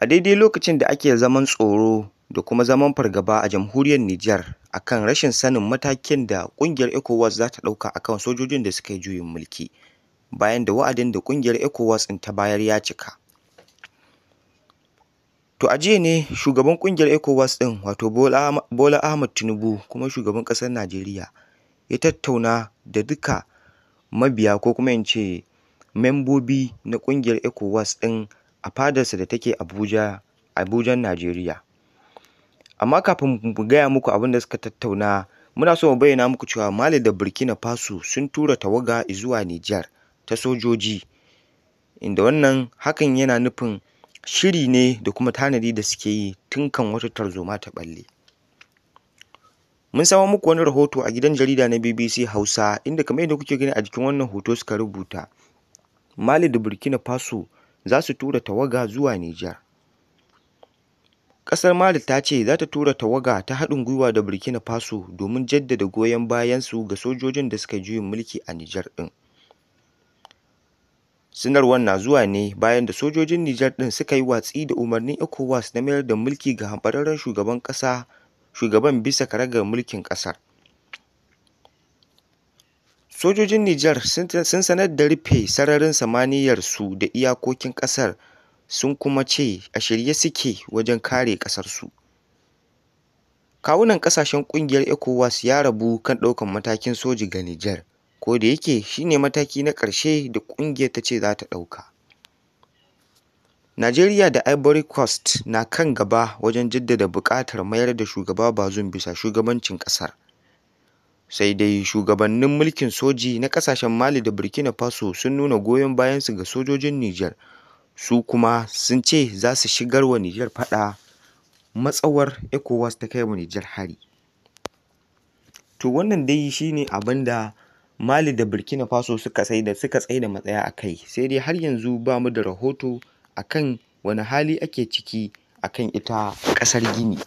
A daidai lokacin da ake zaman tsoro da kuma zaman fargaba a jamhuriyar Nijar a kan rashin sanin matakin da ƙungiyar ECOWAS za ta ɗauka a kan sojojin da suka yi juyin mulki, bayan da wa'adin da ƙungiyar ECOWAS ɗin ta bayar ya cika. To a jiya ne shugaban ƙungiyar ECOWAS ɗin wato Bola Ahmed Tinubu kuma shugaban ƙasar Najeriya ya tattauna da duka mabiya ko kuma in ce membobi na ƙungiyar ECOWAS ɗin a fadarsa da take Abuja, Abujan Najeriya. Amma kafin mu gaya muku abin da suka tattauna, muna so mu bayyana muku cewa Mali da Burkina Faso sun tura tawaga zuwa Nijar ta sojoji, inda wannan hakan yana nufin shiri ne da kuma tanadi da suke yi tun kan wata tarzoma ta ɓalle. Mun samo muku wani rahoto a gidan jarida na BBC Hausa inda kamar yadda kuke gani a jikin wannan hoto suka rubuta Mali da Burkina Faso za su tura tawaga zuwa Nijar. Ƙasar Mali ta ce za ta tura tawaga ta haɗin gwiwa da Burkina Faso domin jaddada goyon bayansu ga sojojin da suka juyin mulki a Nijar ɗin. Sanarwar na zuwa ne bayan da sojojin Nijar ɗin suka yi watsi da umarnin ECOWAS na mayar da mulki ga hanɓararren shugaban ƙasa shugaban bisa karagar mulkin ƙasar. Sojojin Nijar sun sanar da rufe sararin samaniyar su da iyakokin ƙasar sun kuma ce a shirye suke wajen kare ƙasarsu. Kawunan ƙasashen ƙungiyar ECOWAS ya rabu kan ɗaukan matakin soji ga Nijar, ko da yake shi mataki na ƙarshe da ƙungiyar ta ce za ta ɗauka. Najeriya da Ivory Coast na kan gaba wajen jaddada buƙatar mayar da Shugaba Bazoum bisa shugabancin ƙasar. Sai dai shugabannin mulkin soji na kasashen Mali da Burkina Faso sun nuna goyon bayansu ga sojojin niger su kuma sun ce za su shigar wa Nijar faɗa matsawar ECOWAS ta kai wa niger hari. To wannan dai shine ne abin da Mali da Burkina Faso suka tsaida suka tsaida matsaya a kai, sai dai har yanzu ba mu da rahoto akan kan wani hali ake ciki a kan ita kasar Gini.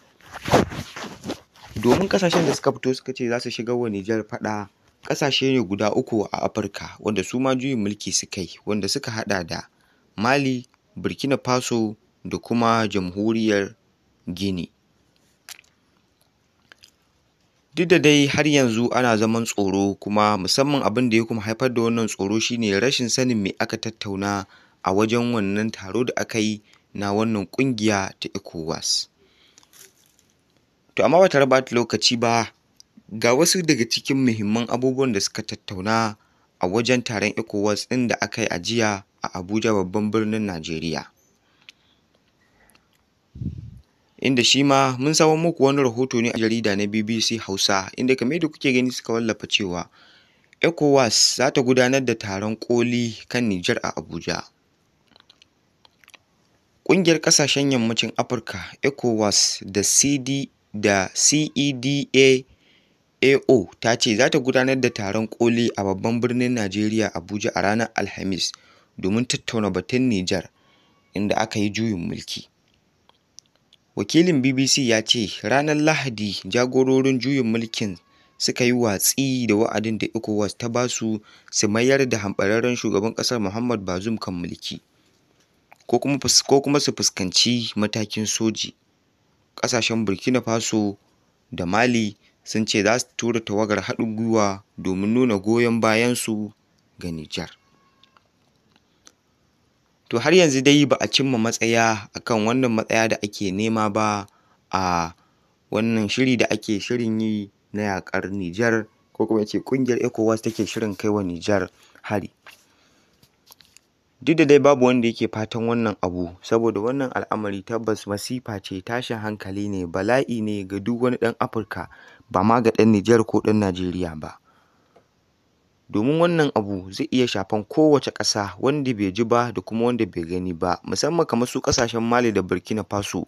Domin kasashen da suka fito suka ce za su shiga wa Nijar faɗa ƙasashe ne guda uku a Afirka wanda su ma juyin mulki suka yi wanda suka haɗa da Mali, Burkina Faso da kuma Jamhuriyar Guinea. Duk da dai har yanzu ana zaman tsoro kuma musamman abin da ya kuma haifar da wannan tsoro shine rashin sanin me aka tattauna a wajen wannan taro da aka yi na wannan kungiya ta ECOWAS. To amma ba tare ɓata lokaci ba ga wasu daga cikin muhimman abubuwan da suka tattauna a wajen taron ECOWAS ɗin da aka yi a jiya a Abuja babban birnin Najeriya. Inda shi ma mun samo muku wani rahoto ne a jarida na BBC Hausa inda kamar yadda kuke gani suka wallafa cewa ECOWAS za ta gudanar da taron koli kan Nijar a Abuja. Ƙungiyar ƙasashen yammacin Afirka ECOWAS da CD da CEDAW ta ce za ta gudanar da taron koli a babban birnin Najeriya Abuja a ranar Alhamis domin tattauna batun Nijar, inda aka yi juyin mulki. Wakilin BBC ya ce ranar Lahadi jagororin juyin mulkin suka yi watsi da wa'adin da ECOWAS ta basu su mayar da hamɓararren shugaban ƙasar Muhammad Bazoum kan mulki, ko kuma su fuskanci matakin soji. ƙasashen Burkina Faso da Mali sun ce za su tura tawagar haɗin gwiwa domin nuna goyon bayansu ga Nijar. To har yanzu dai ba a cimma matsaya a kan wannan matsaya da ake nema ba a wannan shiri da ake shirin yi na yaƙar Nijar ko kuma ce ƙungiyar ECOWAS take shirin kai wa Nijar hari. Duk da dai babu wanda yake fatan wannan abu, saboda wannan al'amari tabbas masifa ce, tashin hankali ne, bala'i ne ga duk wani dan Afirka, ba ma ga dan Nijar ko dan Najeriya ba. Domin wannan abu zai iya shafan kowace ƙasa, wanda bai ji ba da kuma wanda bai gani ba, musamman kamar su ƙasashen Mali da Burkina Faso,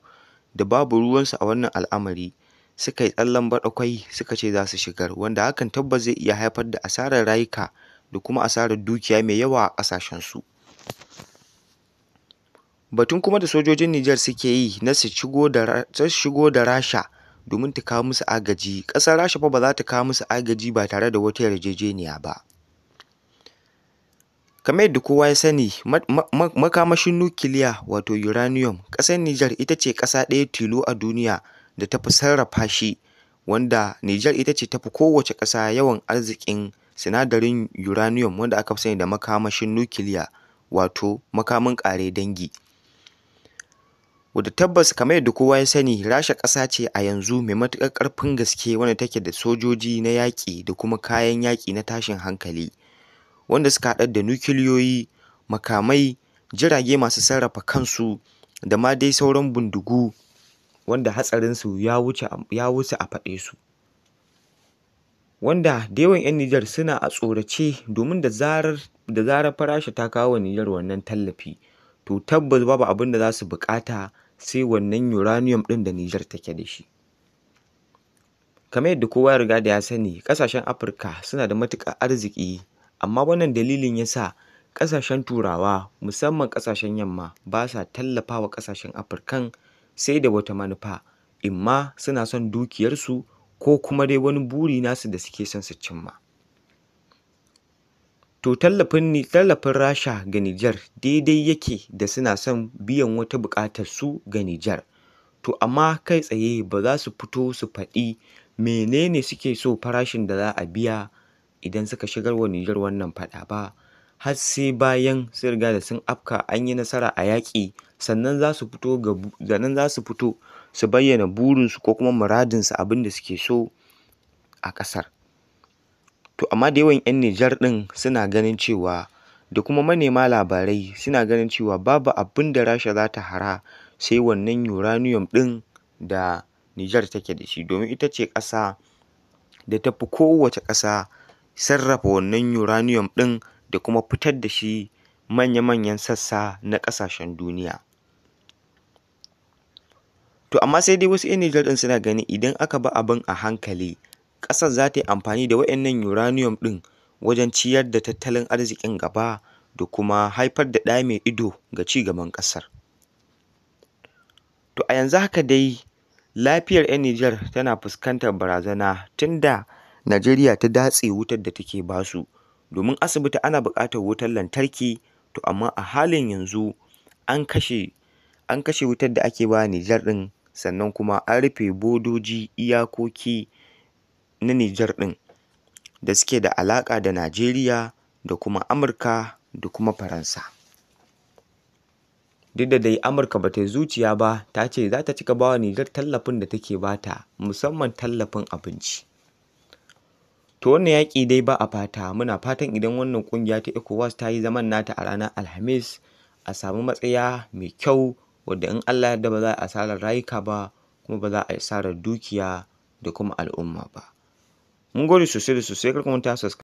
da babu ruwansu a wannan al'amari. Suka yi tsallen baɗakwai suka ce za su shigar, wanda hakan tabbas zai iya haifar da asarar rayuka da kuma asarar dukiya mai yawa a ƙasashensu. Batun kuma da sojojin Nijar suke yi na su shigo da Rasha domin ta kawo musu agaji, ƙasar Rasha fa ba za ta kawo musu agaji ba tare da wata yarjejeniya ba. Kame da kowa ya sani, makamashin nukiliya wato uranium, ƙasar Nijar ita ce ƙasa ɗaya tilo a duniya da ta sarrafa shi, wanda Nijar ita ce tafi kowace ƙasa yawan arzikin sinadarin uranium wanda aka fi sani da makamashin nukiliya. wato makamin ƙare dangi. Wadda tabbas kamar yadda kowa ya sani Rasha ƙasa ce a yanzu mai matuƙar ƙarfin gaske wanda take da sojoji na yaƙi da kuma kayan yaƙi na tashin hankali wanda suka haɗar da nukiliyoyi, makamai, jirage masu sarrafa kansu da ma dai sauran bindigu wanda hatsarinsu ya wuce a faɗe su. wanda da yawan 'yan Nijar suna a tsorace domin da zarar da zarar farashi ta kawo wa Nijar wannan tallafi to tabbas babu abin da za su buƙata sai wannan uranium ɗin da Nijar take da shi. Kamar yadda kowa ya riga da ya sani ƙasashen Afirka suna da matuƙar arziki amma wannan dalilin yasa sa ƙasashen Turawa musamman ƙasashen Yamma ba sa tallafa wa ƙasashen Afirkan sai da wata manufa imma suna son dukiyarsu ko kuma dai wani buri nasu da suke son su cimma to tallafin tallafin rasha ga nijar daidai yake da suna son biyan wata buƙatar su ga nijar to amma kai tsaye ba za su fito su faɗi menene suke so farashin da za a biya idan suka shigar wa nijar wannan faɗa ba har sai bayan sun riga da sun afka an yi nasara a yaƙi sannan za su fito su bayyana burinsu ko kuma muradinsu abin da suke so a ƙasar. To amma da yawan 'yan Nijar ɗin suna ganin cewa da kuma manema labarai suna ganin cewa babu abin da Rasha za ta hara sai wannan uranium ɗin da Nijar take da shi domin ita ce ƙasa da ta fi kowace ƙasa sarrafa wannan uranium ɗin da kuma fitar da shi manya-manyan sassa na ƙasashen duniya. To amma sai dai wasu 'yan Nijar ɗin suna ganin idan aka ba abin a hankali, ƙasar za ta yi amfani da waɗannan uranium ɗin wajen ciyar da tattalin arzikin gaba da kuma haifar da ɗa mai ido ga ci gaban ƙasar. To a yanzu haka dai lafiyar 'yan Nijar tana fuskantar barazana tun da Najeriya ta datse wutar da take ba su domin asibiti ana buƙatar wutar lantarki to amma a halin yanzu an kashe an kashe wutar da ake ba Nijar ɗin sannan kuma an rufe bodoji iyakoki na Nijar ɗin da suke da alaƙa da Najeriya da kuma Amurka da kuma Faransa. Duk da dai Amurka ba ta yi zuciya ba ta ce za ta cika ba wa Nijar tallafin da take ba ta musamman tallafin abinci. To wannan yaƙi dai ba a fata muna fatan idan wannan ƙungiya ta ECOWAS ta yi zaman nata a ranar Alhamis a samu matsaya mai kyau wadda in Allah yarda ba za a asarar rayuka ba kuma ba za a asarar dukiya da kuma al'umma ba. Mun gode sosai da sosai kar ku manta subscribe.